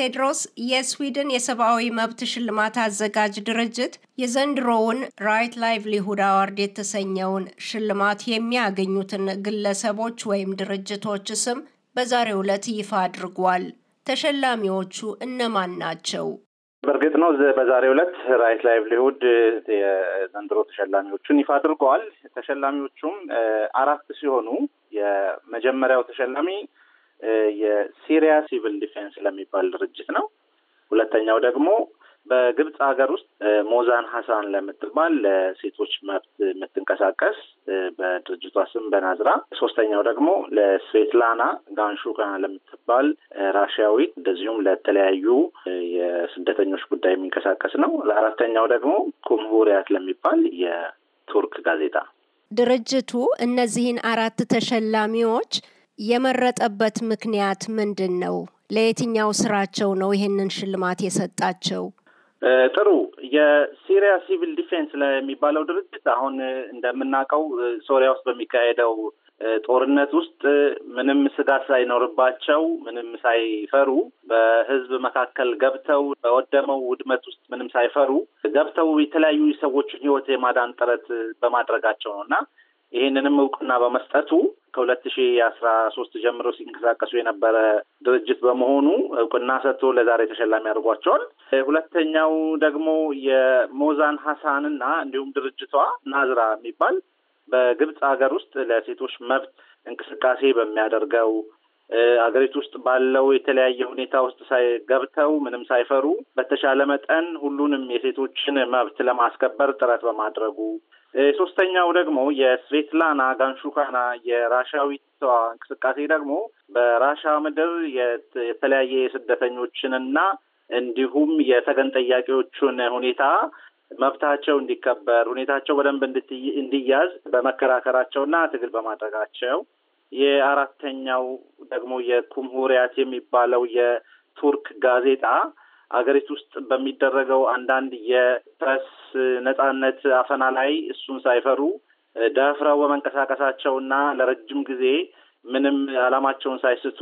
ቴድሮስ የስዊድን የሰብአዊ መብት ሽልማት አዘጋጅ ድርጅት የዘንድሮውን ራይት ላይቭሊሁድ አዋርድ የተሰኘውን ሽልማት የሚያገኙትን ግለሰቦች ወይም ድርጅቶች ስም በዛሬው ዕለት ይፋ አድርጓል። ተሸላሚዎቹ እነማን ናቸው? በእርግጥ ነው በዛሬው ዕለት ራይት ላይቭሊሁድ የዘንድሮ ተሸላሚዎቹን ይፋ አድርገዋል። ተሸላሚዎቹም አራት ሲሆኑ የመጀመሪያው ተሸላሚ የሲሪያ ሲቪል ዲፌንስ ለሚባል ድርጅት ነው። ሁለተኛው ደግሞ በግብጽ ሀገር ውስጥ ሞዛን ሀሳን ለምትባል ለሴቶች መብት የምትንቀሳቀስ በድርጅቷ ስም በናዝራ። ሶስተኛው ደግሞ ለስቬትላና ጋንሹካ ለምትባል ራሽያዊት እንደዚሁም ለተለያዩ የስደተኞች ጉዳይ የሚንቀሳቀስ ነው። አራተኛው ደግሞ ኩምሁሪያት ለሚባል የቱርክ ጋዜጣ። ድርጅቱ እነዚህን አራት ተሸላሚዎች የመረጠበት ምክንያት ምንድን ነው? ለየትኛው ስራቸው ነው ይህንን ሽልማት የሰጣቸው? ጥሩ የሲሪያ ሲቪል ዲፌንስ ለሚባለው ድርጅት አሁን እንደምናውቀው ሶሪያ ውስጥ በሚካሄደው ጦርነት ውስጥ ምንም ስጋት ሳይኖርባቸው ምንም ሳይፈሩ በህዝብ መካከል ገብተው በወደመው ውድመት ውስጥ ምንም ሳይፈሩ ገብተው የተለያዩ ሰዎችን ህይወት የማዳን ጥረት በማድረጋቸው ነው እና ይህንንም እውቅና በመስጠቱ ከሁለት ሺ አስራ ሶስት ጀምሮ ሲንቀሳቀሱ የነበረ ድርጅት በመሆኑ እውቅና ሰጥቶ ለዛሬ ተሸላሚ አድርጓቸዋል። ሁለተኛው ደግሞ የሞዛን ሀሳንና እንዲሁም ድርጅቷ ናዝራ የሚባል በግብጽ ሀገር ውስጥ ለሴቶች መብት እንቅስቃሴ በሚያደርገው አገሪቱ ውስጥ ባለው የተለያየ ሁኔታ ውስጥ ሳይገብተው ምንም ሳይፈሩ በተሻለ መጠን ሁሉንም የሴቶችን መብት ለማስከበር ጥረት በማድረጉ ሶስተኛው ደግሞ የስቬትላና ጋንሹካና የራሻዊቷ እንቅስቃሴ ደግሞ በራሻ ምድር የተለያየ የስደተኞችንና እንዲሁም የተገን ጠያቂዎቹን ሁኔታ መብታቸው እንዲከበር ሁኔታቸው በደንብ እንዲያዝ በመከራከራቸውና ትግል በማድረጋቸው የአራተኛው ደግሞ የኩምሁሪያት የሚባለው የቱርክ ጋዜጣ አገሪቱ ውስጥ በሚደረገው አንዳንድ የፕረስ ነጻነት አፈና ላይ እሱን ሳይፈሩ ደፍረው በመንቀሳቀሳቸውና ለረጅም ጊዜ ምንም ዓላማቸውን ሳይስቱ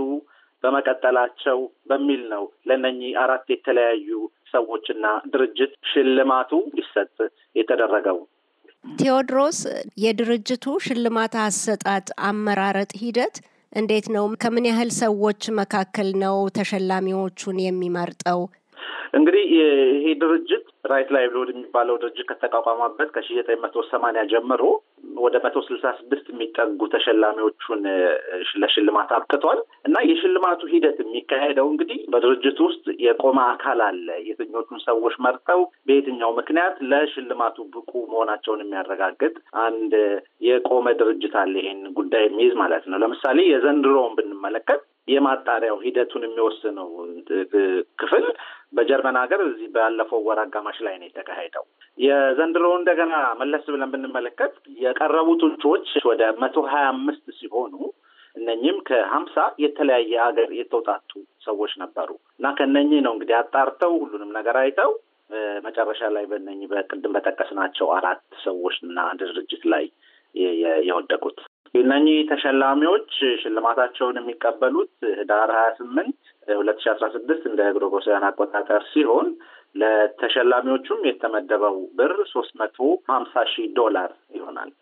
በመቀጠላቸው በሚል ነው ለእነኚህ አራት የተለያዩ ሰዎችና ድርጅት ሽልማቱ ሊሰጥ የተደረገው። ቴዎድሮስ፣ የድርጅቱ ሽልማት አሰጣጥ አመራረጥ ሂደት እንዴት ነው? ከምን ያህል ሰዎች መካከል ነው ተሸላሚዎቹን የሚመርጠው? እንግዲህ ይሄ ድርጅት ራይት ላይቭሊሁድ የሚባለው ድርጅት ከተቋቋመበት ከሺ ዘጠኝ መቶ ሰማኒያ ጀምሮ ወደ መቶ ስልሳ ስድስት የሚጠጉ ተሸላሚዎቹን ለሽልማት አብቅቷል እና የሽልማቱ ሂደት የሚካሄደው እንግዲህ በድርጅት ውስጥ የቆመ አካል አለ። የትኞቹን ሰዎች መርጠው በየትኛው ምክንያት ለሽልማቱ ብቁ መሆናቸውን የሚያረጋግጥ አንድ የቆመ ድርጅት አለ፣ ይሄን ጉዳይ የሚይዝ ማለት ነው። ለምሳሌ የዘንድሮውን ብንመለከት የማጣሪያው ሂደቱን የሚወስነው ክፍል በጀርመን ሀገር እዚህ ባለፈው ወር አጋማሽ ላይ ነው የተካሄደው። የዘንድሮ እንደገና መለስ ብለን ብንመለከት የቀረቡት እጩዎች ወደ መቶ ሀያ አምስት ሲሆኑ እነኚህም ከሀምሳ የተለያየ ሀገር የተውጣጡ ሰዎች ነበሩ እና ከነኚህ ነው እንግዲህ አጣርተው ሁሉንም ነገር አይተው መጨረሻ ላይ በነኚህ በቅድም በጠቀስናቸው አራት ሰዎች እና አንድ ድርጅት ላይ የወደቁት እነኚህ ተሸላሚዎች ሽልማታቸውን የሚቀበሉት ህዳር ሀያ ስምንት ሁለት ሺ አስራ ስድስት እንደ ግሪጎሪያን አቆጣጠር ሲሆን ለተሸላሚዎቹም የተመደበው ብር ሶስት መቶ ሀምሳ ሺህ ዶላር ይሆናል።